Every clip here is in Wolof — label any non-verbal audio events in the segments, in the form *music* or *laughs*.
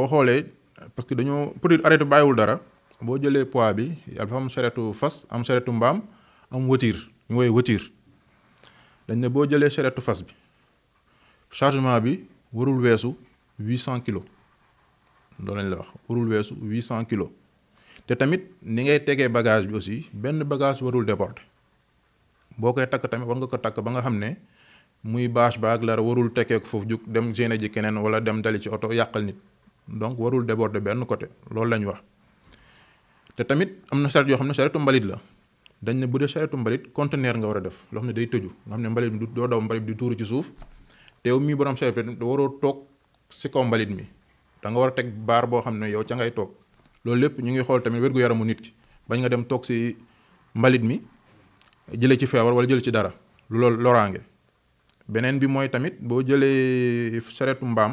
boo xoolee parce que dañoo produit arrêté bàyyiwul dara boo jëlee pois bi dafa am saretu fas am saretu mbaam am wëtiir ñu woy wëtiir dañ ne boo jëlee saretu fas bi chargement bi warul weesu huit cent kilos doo lañ la wax warul weesu huit cent kilos te tamit ni ngay tegee bagage bi aussi benn bagage warul déporté boo koy takk tamit war nga ko takk ba nga xam ne muy bâche ba ak lara warul tekkee ko foofu jug dem génne ji keneen wala dem dali ci oto yàqal nit donc warul déborder benn côté loolu lañ wax te tamit am na charrette yoo xam ne charrette mbalit la dañ ne bu dee charrette mbalit conteneur nga war a def loo xam ne day tëju nga xam ne mbalit du doo daw mbalit di tuuru ci suuf te yow mi borom charrette waroo toog si kaw mbalit mi da nga war a teg baar boo xam ne yow ca ngay toog loolu lépp ñu ngi xool tamit wérgu yaramu nit ki bañ nga dem toog si mbalit mi jëlee ci feebar wala jëlee ci dara lu loolu Benen beneen bi mooy tamit boo jëlee charrette mbaam.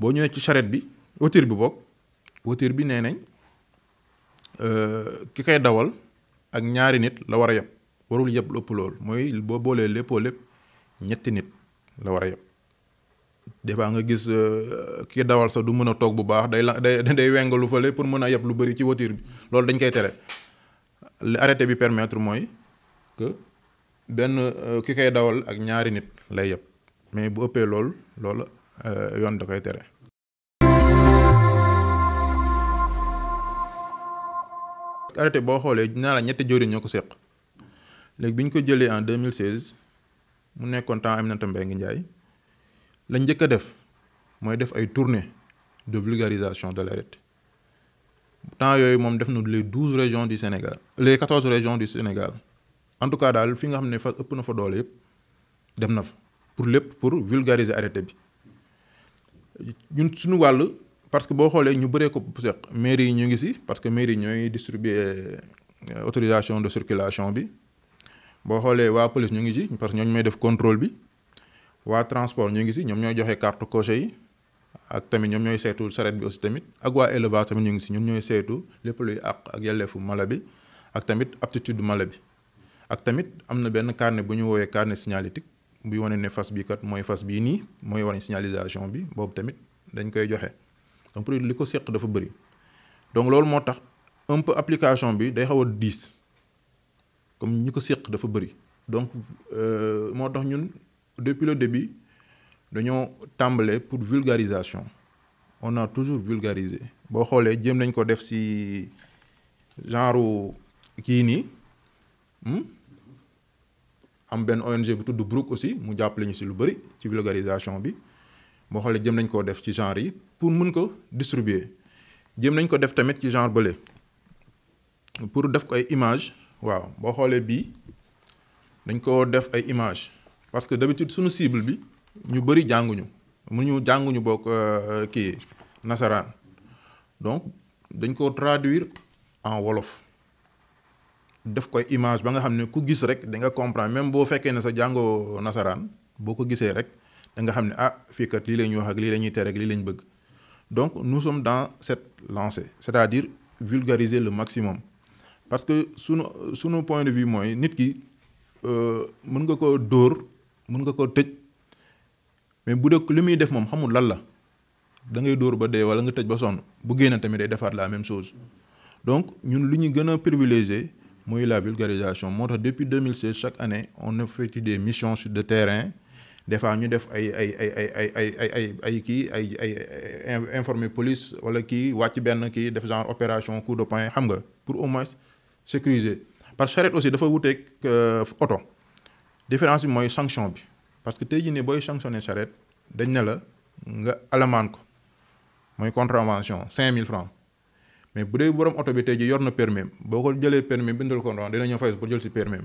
boo ñëwee ci charrette bi voiture bi boog voiture bi nee nañ euh, ki koy dawal ak ñaari nit la war a yeb warul yeb lu ëpp loolu mooy boo boolee léppoo lépp ñetti nit la war a yeb des fois nga gis euh, ki dawal sax du mën a toog bu baax day la day *laughs* day wengalu fële pour mën a yeb lu bëri ci voiture bi loolu dañ koy tere li arrêté bi permettre mooy que benn euh, ki koy dawal ak ñaari nit lay yeb mais bu ëppee loolu loolu yoon da koy tere. arrêté bo xolé dinaa la ñetti jëwriñ ñoko ko légui biñ ko jëlé en 2016 mu nekkoon temps Aminata ngi ñay la ñëk def moy def ay tournée de vulgarisation de l'arrêté temps yoy mom def na les 12 régions du Sénégal les 14 régions du Sénégal en tout cas dal fi nga xamné fa ëpp na fa doole yëpp dem na fa pour lépp pour vulgariser arrêté bi ñun suñu wàll parce que bon, les parce que mairie euh, autorisation de circulation bi police ñu parce que may contrôle bi transport ñu ngi nous ont carte cochée ak tamit ñom ñoy sétu bi aussi tamit ak wa élevage tamit ñu ngi ak mala bi ak tamit aptitude mala bi ak tamit carnet bu ñu carnet signalétique kat signalisation bi donc produit le ko seq dafa bëri donc loolu moo tax un peu application bi day xaw a diis comme ñi ko seq dafa bëri donc euh, moo tax ñun depuis le début dañoo tàmbalee pour vulgarisation on a toujours vulgarisé boo xoolee jëm nañ ko def ci genre kii nii hmm? am benn ONG bi tudd Brook aussi mu jàppale ñu ci lu bëri ci vulgarisation bi boo xoolee nañ def ci genre pour ko distribuer nañ ko def tamit ci genre bële pour def ko image waaw boo xoolee bii dañ ko def image parce que d'habitude sunu cible bi ñu bëri jànguñu mu ñu jànguñu bokk euh, kii nasaraan donc dañ ko traduire en wolof def koy image ba nga xam ku gis rek da nga même boo fekkee ne sa jàngoo da nga xam ne ah fii kat lii la ñuy wax ak lii la ñuy tere ak lii bëgg donc nous sommes dans cette lancée c'est-à-dire vulgariser le maximum parce que suñu suñu point de vue mooy nit ki euh, mën nga ko dóor mën nga ko tëj mais bu dee li muy def moom xamul lan la da ngay dóor ba dee wala nga tëj ba sonn bu génn tamit day defaat la même chose donc ñun lu ñu gën a mooy la vulgarisation moo tax depuis 2016 chaque année on effectue des missions sur le terrain des fois ñu def ay ay ay ay ay ay ay ay kii ay ay informer police wala ki wacc ben ki def genre opération coup de poing xam nga pour au moins sécuriser parce charrette aussi dafa wuteeg auto différence moy sanction bi parce que tay jii ne booy sanctionné charrette dañ na la nga alaman ko moy contravention 5000 francs mais bu dee borom auto bi tay ji yor permis boko jëlé permis bindul ko dina ñëw fay pour jël ci permis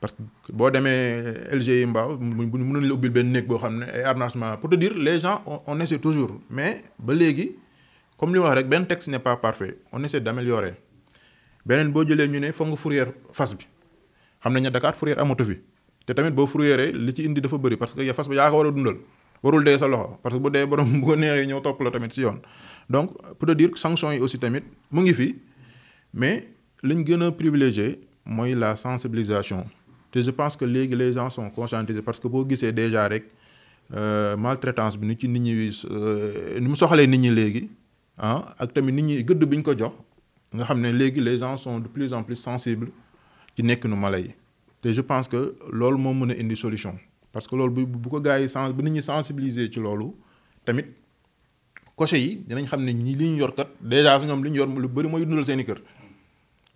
parce que boo demee LGI Mbao mënoon la ubbil ben nek bo xamné ay arrangement pour te dire les gens on essaie toujours mais ba légui comme li wax rek ben texte n'est pas parfait on essaie d'améliorer benen bo jëlé ñu né foog nga fourrière fas bi xam nañ Dakar fourier amatu fi té tamit bo fourieré li ci indi dafa bëri parce que ya face ba ya ko wara dundal warul dé sa loxo parce que bu dé borom bu ko neexee ñëw topp la tamit si yoon donc pour te dire sanction yi aussi tamit mu ngi fi mais liñ gëna a moy la sensibilisation te je pense que léegi les gens sont conscientisés parce que boo gisee déjà rek euh, maltraitance bi ni ci nit ñi euh, ni mu soxalé nit ñi léegi ah ak tamit nit ñi gëdd buñ ko jox nga xamné légui les gens sont de plus en plus sensibles ci nekkinu nu yi té je pense que lool mo mën indi solution parce que lool bu bu ko gars yi sens bu nit ñi sensibiliser ci loolu tamit coché yi dinañ xamné ne ñi li yor kat déjà ñom liñ yor lu bari mooy dundal seen i kër.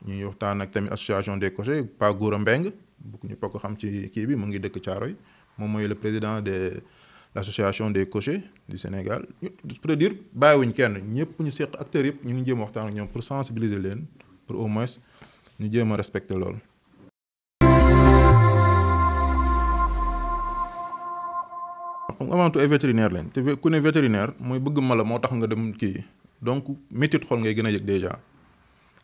ñuy waxtaan ak tamit association des cochers Pa Gora Mbeng bu ñu ko xam ci kii bi mu ngi dëkk Thiaroye moom mooy le président de l'association des cochers du Sénégal pour dire bàyyiwuñ kenn ñëpp ñu seq acteurs yëpp ñu ngi jéem a waxtaan ak ñoom pour sensibiliser leen pour au moins ñu jéem a respecter loolu. comme avant tout ay vétérinaire lañ te ku ne vétérinaire mooy bëgg mala moo tax nga dem kii donc métit xol ngay gën a yëg déjà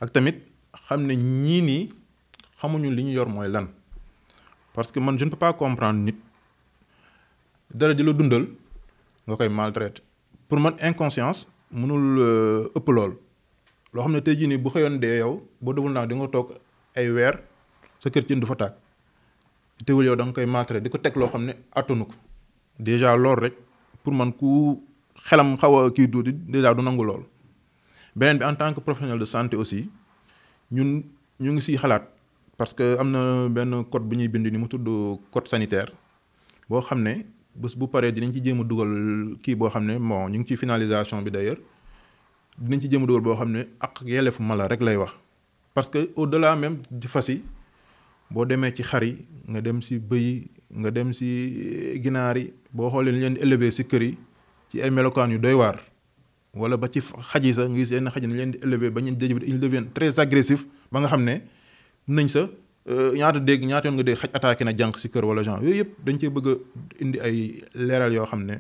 ak tamit xam ne ñii nii xamuñu li ñu yor mooy lan parce que man je ne peux pas comprendre nit dara di la dundal nga koy maltraiter pour man inconscience mënul euh, ëpp lool. loo xam ne tey jii nii bu xëyoon dee yow boo deful naa di nga toog ay weer sa kër cin du fa tàkk teewul yow da nga koy maltraiter di ko teg loo xam ne attanu ko déjà loolu rek pour man ku xelam xaw a kii tuuti déjà du nangu lool beneen bi en tant que professionnel de santé aussi. Nous ñu ngi parce que am na benn code bu ñuy bind ni mu code sanitaire boo xam ne bu paree dinañ ci jéem a dugal bon ñu finalisation bi d'ailleurs dinañ ci jéem a dugal boo ak yelefu mala rek lay wax. parce que au-delà même di fas yi boo demee ci nga dem si bëy nga dem si ginaar yi boo xoolee li leen kër yi ci ay wala ba ci xaj yi sax nga gis yenn xaj yi leen di élever ba ñu ils devient très agressif ba nga xam ne nañ sa euh, ñaata dégg ñaata yoon nga dégg xaj attaqué na jànq si kër wala genre yooyu yëpp dañ cee bëgg indi ay leeral yoo xam ne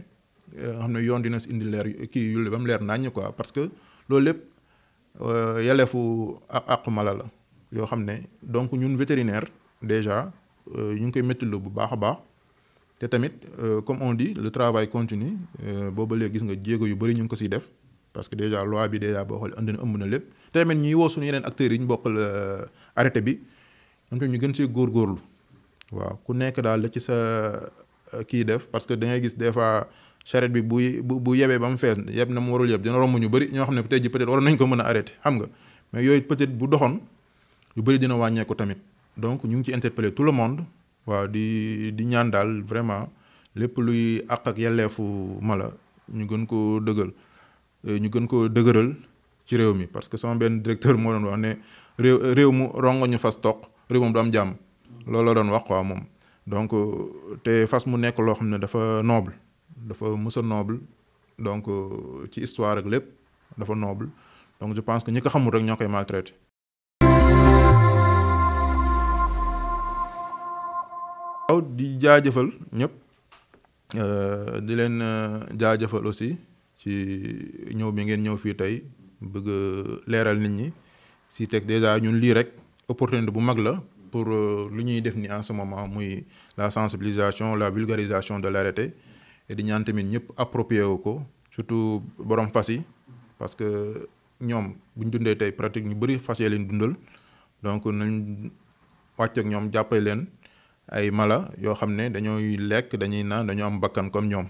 euh, xam ne yoon dina si indi leer kii yulle ba mu leer naññ quoi parce que loolu lépp euh, yelleefu àqu mala la yoo xam ne donc ñun vétérinaire déjà ñu ngi koy méttilu bu baax a baax te tamit comme on dit le travail continue booba léegi gis nga jéego yu bëri ñu ngi ko siy def parce que déjà loi bi déjà boo xool andi na ëmb na lépp te tamit ñuy woo suñu yeneen acteurs yi ñu bokkal euh, arrêté bi ñoom tamit ñu gën see góorgóorlu waaw ku nekk daal la ci sa euh, kii def parce que da ngay gis des fois charrette bi bu bu yebee ba mu fees yeb na mu warul yeb dina romb ñu bëri ñoo xam ne tey ji peut-être waroon nañ ko mën a arrêté xam nga mais yooyu peut-être bu doxoon lu bëri dina wàññeeku tamit donc ñu ngi ci interpeller tout le monde waaw di di ñaan daal vraiment lépp luy àq ak yelleefu mala ñu gën ko dëggal Euh, ñu gën ko dëgëral ci réew mi parce que sama benn directeur moo doon wax ne réew réew mu rongo ñu fas toq réew moom du am jàmm loolu la doon wax quoi moom donc euh, te fas mu nekk loo xam ne dafa noble dafa mësa noble donc euh, ci histoire ak lépp dafa noble donc je pense que ñi ko xamul rek ñoo koy maltraité waaw di jaajëfal ñëpp di leen jaajëfal aussi ci ñëw bi ngeen ñëw fii tey bëgg leeral nit ñi si teg dèjà ñun lii rek opportunité bu mag la pour euh, lu ñuy def ni en ce moment muy la sensibilisation la vulgarisation de l'arrêté et di ñaan tamit ñëpp approprié wu ko surtout borom fas yi parce que ñoom bu ñu dundee tey pratique ñu bëri fas yee leen dundal donc nañ wàcc ak ñoom jàppale leen ay mala yoo xam ne dañooy lekk dañuy naan dañu am bakkan comme ñoom.